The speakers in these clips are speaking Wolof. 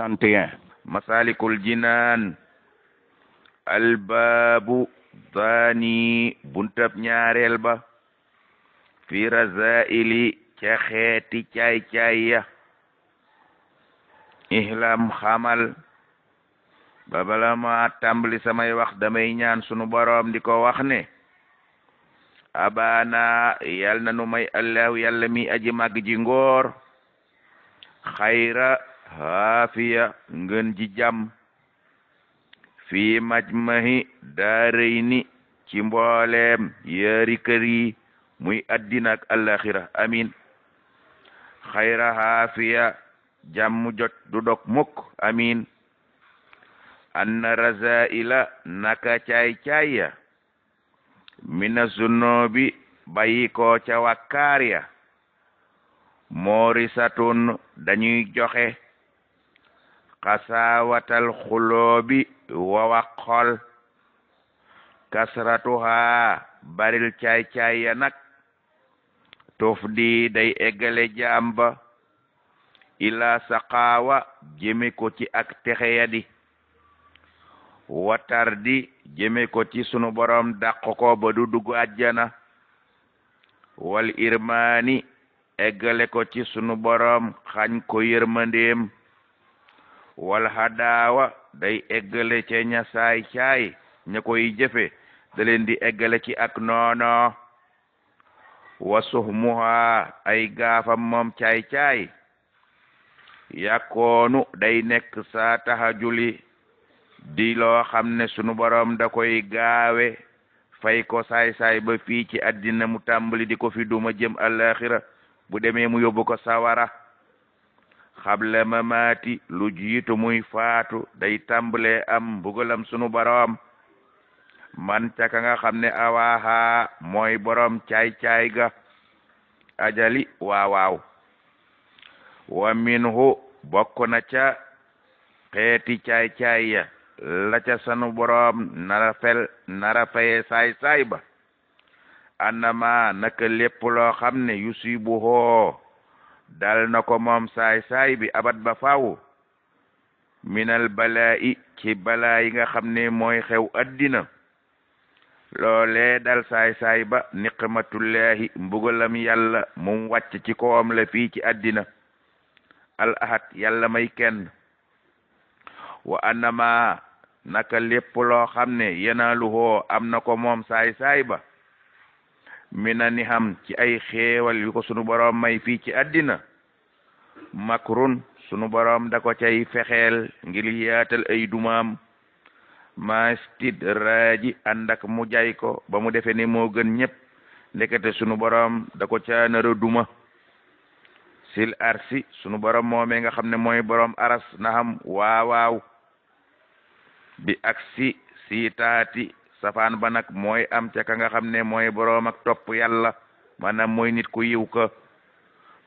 soixante et un masalikul jinaan albaabu daani buntab ñaareel ba fi razaili ca xeeti ihlam xamal ba bala tàmbali samay wax damay ñaan sunu boroom di ko wax ne abana yal na nu may allahu yàlla mi aji màgg ji ngoor xayra xaafiya ngën ji jàmm fii majmahi daarayni ci mbooleem yaari kër yi muy addina ak alaxira amin xayra xaafiya jàmm jot du dog mukk amin anna razaila naka caay caay ya mina zunubi bayi ko ca wakkaar ya moorisatun dañuy joxe xasaawatal xuloobi wawa xol kasratuha baril caay-caay ya nag tof di day eggale jaam ba ila saqaawa jëme ko ci ak texeya di watar di ko ci sunu borom dàq ko ba du dugg àjjana wal irmaani eggale ko ci sunu borom xañ ko yërmandeem wal day eggale ca ña saay caay ña koy jëfe leen di eggale ci ak noono wa suhmuha ay gaafam moom caay caay yàkkoonu day nekk saa juli di loo xam ne sunu borom da koy gaawe fay ko saay-saay ba fii ci àddina mu tàmbali di ko fi duma jëm àllaaxira bu demee mu yóbbu ko sawara xable ma maati lu jiitu muy faatu day tàmbalee am mbugalam sunu boroom man ca nga xam ne awaaha mooy boroom caay-caay ga ajali waw wa minhu bokk na ca xeeti caay-caay la ca sunu boroom nara fel nara faye saay-saay ba annama naka lépp loo xam ne yusibu hoo dal na ko moom saay-saay bi abat ba faawu minal balaa ci balaa yi nga xam ne mooy xew addina loolee dal saay-saay ba niqmatullahi mbugalam yàlla mum wàcc ci kawam la fii ci addina al ahad yàlla may kenn wa anama naka lépp loo xam ne yenaaluhoo am na ko moom saay-saay ba minani ham ci ay xéewal yu ko sunu boroom may fii ci àddina makrun sunu boroom da ko cay fexeel ngir yaatal ay dumaam mastid raaji ànd ak mu jay ko ba mu defe ne moo gën ñépp ndekete sunu boroom da ko caanara duma sil arsi sunu boroom moomee nga xam ne mooy boroom aras na xam waawaaw bi aksi siitaati safaan ba nag mooy am ca nga xam ne mooy boroom ak topp yàlla maanaam mooy nit ku yiw ka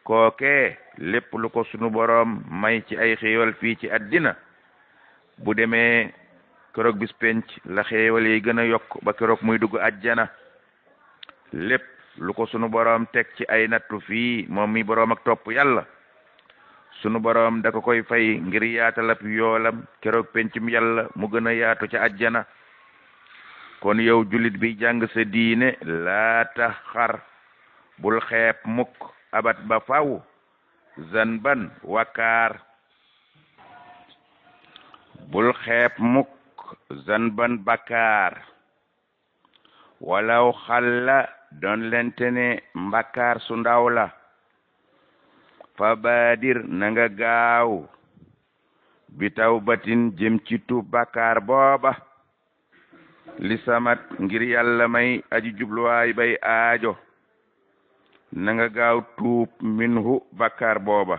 kookee lépp lu ko sunu boroom may ci ay xéewal fii ci àddina bu demee keroog bis la xéewal yi gën a yokk ba keroog muy dugg àjjana lépp lu ko sunu boroom teg ci ay nattu fii moom mi boroom ak topp yàlla sunu boroom da koy fay ngir yaatalab yoolam keroog pencum yàlla mu gën a yaatu ca àjjana kon yow julit bi jàng sa diine laa tax xar bul xeeb mukk abat ba faw zanban wakaar bul xeeb mukk zanban bakaar walaw xalla doon lente ne mbakaar su ndaw la fa baadir na nga gaaw bitaw batin jëm citu tu bakaar booba li samat ngir yàlla may aji jubluwaay bay aajo na nga gaaw tuub minhu bakkaar booba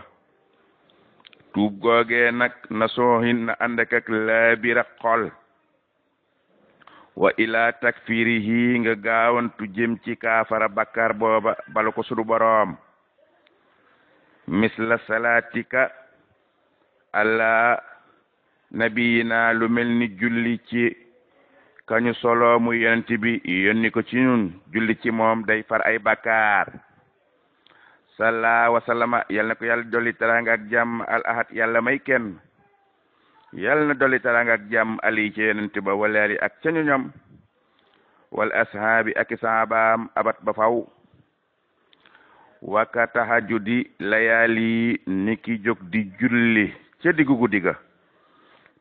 tuub googee nag na soohin na ànd ak laabira xol wa ilaa takfirihi nga gaawantu jëm ci kaafara bakkaar booba bala ko sudu boroom misla salaatika ala nabiyina lu ni julli kañu solo muy yonent bi yónni ko ci ñun julli ci moom day far ay bakkaar salla wa sallama yal ko yàlla dolli teraanga ak al ahad yàlla may kenn yal na dolli teraanga ak jàmm ali ci yonent ba walaali ak ca ñu wal ashaabi ak abat ba faw wakka tahajudi layaali niki jóg julli ca diggu guddi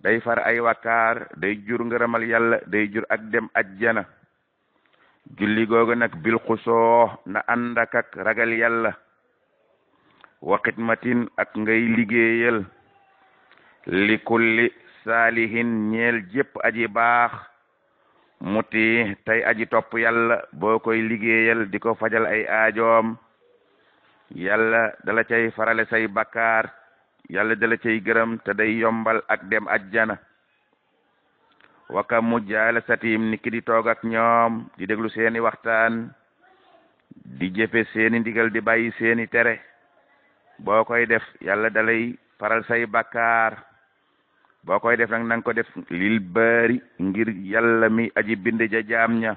day far ay wakkaar day jur ngërëmal yàlla day jur ak dem ajjana julli googu nag bil xusoo na ànd ragal yàlla wa matin ak ngay liggéeyal li kulli saalihin ñeel jépp aji baax muti tey aji topp yàlla boo koy liggéeyal di ko fajal ay aajoom yàlla dala cay farale say bakkaar yàlla dala cay gërëm te day yombal ak dem ajjana waka mujjaala satim ni ki di toog ak ñoom di deglu seeni waxtaan di jëfe seeni ndigal di bàyyi seeni tere boo koy def yàlla dalay faral say bakkaar boo koy def nag nanga ko def lil baari ngir yàlla mi aji bind ja jam ña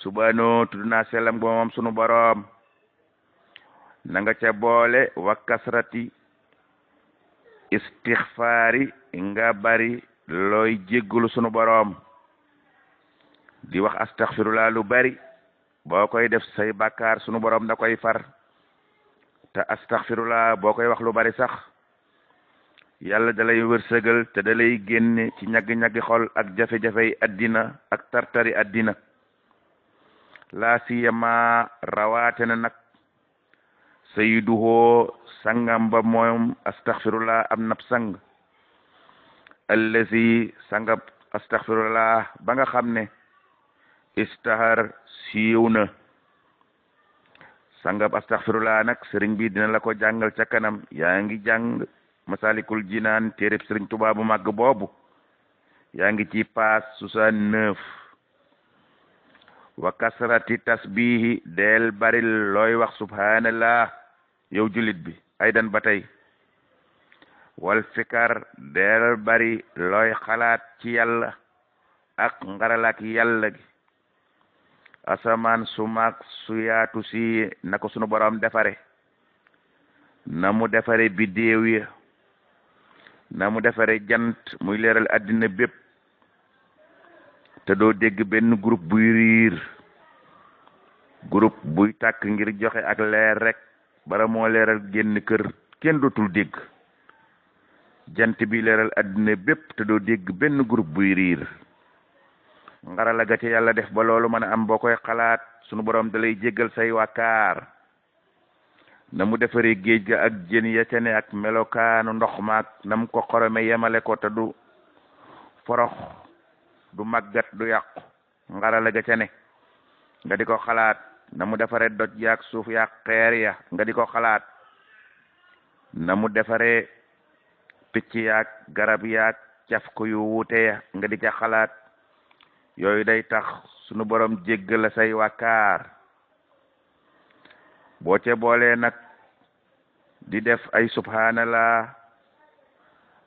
subano tudd sellam ba sunu boroom na nga ca boole wa istixfaari nga bari looy jéggulu sunu boroom di wax astaxfirullah lu bari boo koy def say bàkkaar sunu boroom da koy far te astaxfirullah boo koy wax lu bari sax yàlla dalay wërsëgal te dalay génne ci ñaggi-ñaggi xol ak jafe-jafey addina ak tartari addina laa siyama rawaate na sayyiduhu sangam ba moom am nab sang allazi sangab astaghfirullah ba nga xam ne istahar siiw na sangab astaghfirullah nag sëriñ bi dina la ko jàngal ca kanam yaa ngi jàng masalikul jinaan téereb sëriñ Tuubaa bu màgg boobu yaa ngi ci paas soixante-neuf wa kasrati tasbihi del baril looy wax subhanallah yow jullit bi ay dan ba tey wal fikar del bari looy xalaat ci yàlla ak ngaralaak yàlla gi asamaan su maag su yaatu si na ko sunu borom defare na mu defare biddéew ya na mu defare jant muy leeral àddina bépp te doo dégg benn groupe buy riir groupe buy tàkk ngir joxe ak leer rekk bara moo leeral génn kër kenn dootul dégg jant bi leeral àddina bépp te doo dégg benn groupe buy riir ngarala ga ci yàlla def ba loolu mën am boo koy xalaat sunu boroom da lay jéggal say wàkkaar na mu defaree géej ga ak jën ya ca ak melokaanu ndox maag na ko xorome yemale ko te du forox du màggat du yàqu ngarala ga ca ne nga xalaat na mu defaree doj yaak suuf yaak xeer ya nga di ko xalaat na mu defaree picc yaak garab yaak caf ko yu wuute ya nga di ca xalaat yooyu day tax sunu borom jégg la say wàkkaar boo ca boolee nag di def ay subhanallah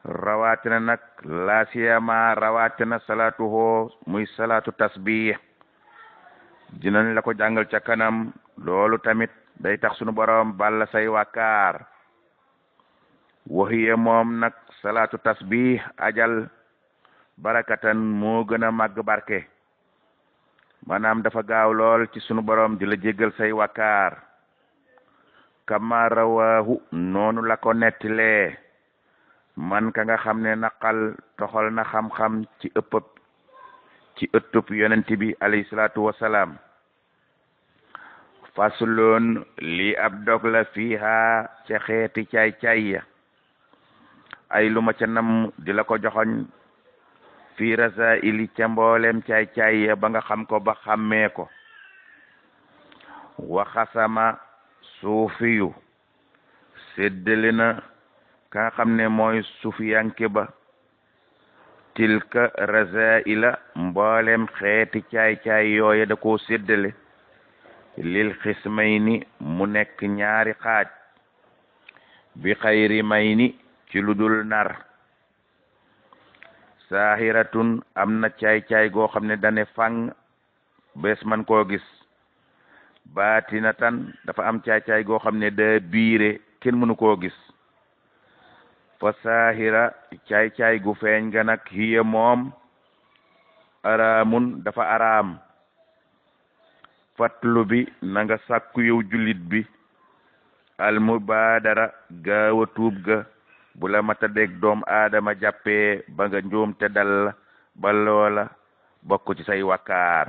rawatina nag laa siyama rawatina salaatu hoo muy salaatu tasbih dinañ la ko jàngal ca kanam loolu tamit day tax sunu borom balla say wàkkaar waxiye moom nag salaatu tasbih ajal barakatan moo gën a màgg barke maanaam dafa gaaw lool ci sunu borom di la jéggal say wàkkaar kama rawahu noonu la ko nettilee man ka nga xam ne naqal toxal na xam-xam ci ëpp ci ëttub yonent bi alayhi salaatu wasalaam fasloon lii ab dog la fiiha ca xeeti caay-caay ya ay lu ma ca di la ko joxoñ fii rasaili ca mboolem caay-caay ba nga xam ko ba xàmmee ko waxasama suufiyu séddale na ka xam ne mooy suufiyanke ba tilka razaila mboolem xeeti caay-caay yooye da koo séddale lil xismay ni mu nekk ñaari xaaj bi xayri may ci lu dul nar saaxiratun am na caay-caay goo xam ne dane fang bés man koo gis baatina tan dafa am caay-caay goo xam ne daa biire kenn mënu koo gis fa saahira cay caay gu feeñ ga nag hiya moom araamun dafa araam fatlu bi nanga nga sàkku yow jullit bi almubaadara gaaw a tuub ga bu la mata deg doom aadama jàppee ba nga njuum te dal ba loola bokk ci say wakkaar